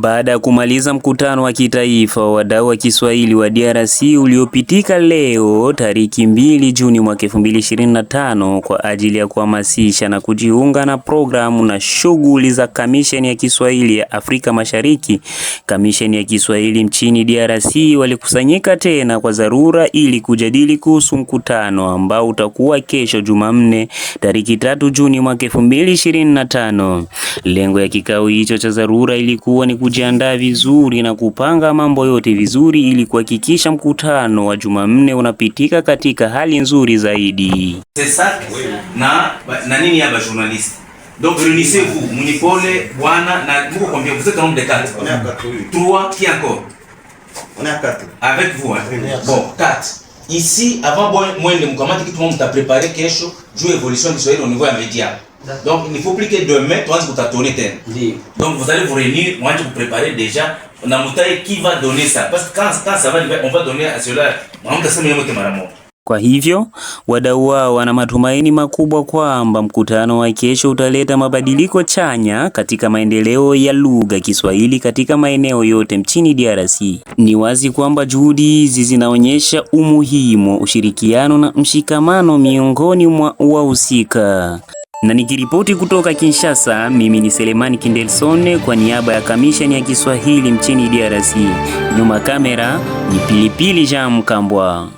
Baada ya kumaliza mkutano wa kitaifa wa wadau wa Kiswahili wa DRC uliopitika leo tariki mbili Juni mwaka 2025 kwa ajili ya kuhamasisha na kujiunga na programu na shughuli za Kamisheni ya Kiswahili ya Afrika Mashariki, Kamisheni ya Kiswahili nchini DRC walikusanyika tena kwa dharura ili kujadili kuhusu mkutano ambao utakuwa kesho Jumanne tariki tatu Juni mwaka 2025. Lengo ya kikao hicho cha dharura ilikuwa ni kujiandaa vizuri na kupanga mambo yote vizuri ili kuhakikisha mkutano wa Jumanne unapitika katika hali nzuri zaidi. Na, na nini hapa journalist? Donc je dis vous, munipole bwana na mko kwambia vous êtes nombre de 4? On est à 4. 3 qui encore? On est à 4. Avec vous. Bon, 4. Ici avant moi mwende mkamati kitu mtaprepare kesho juu evolution Kiswahili au niveau ya media. Donc il ne faut plus que demain toi, tu as tourné Ndio. Donc vous allez vous réunir, moi, je vous préparer déjà On a montré qui va donner ça parce que quand quand ça va on va donner à cela. Mwanamke sema yote mara moja. Kwa hivyo wadau wao wana matumaini makubwa kwamba mkutano wa kesho utaleta mabadiliko chanya katika maendeleo ya lugha Kiswahili katika maeneo yote mchini DRC. Ni wazi kwamba juhudi hizi zinaonyesha umuhimu, ushirikiano na mshikamano miongoni mwa wahusika. Na nikiripoti kutoka Kinshasa, mimi ni Selemani Kindelson kwa niaba ya kamishani ya Kiswahili mchini DRC. Nyuma kamera ni Pilipili Jean Mkambwa.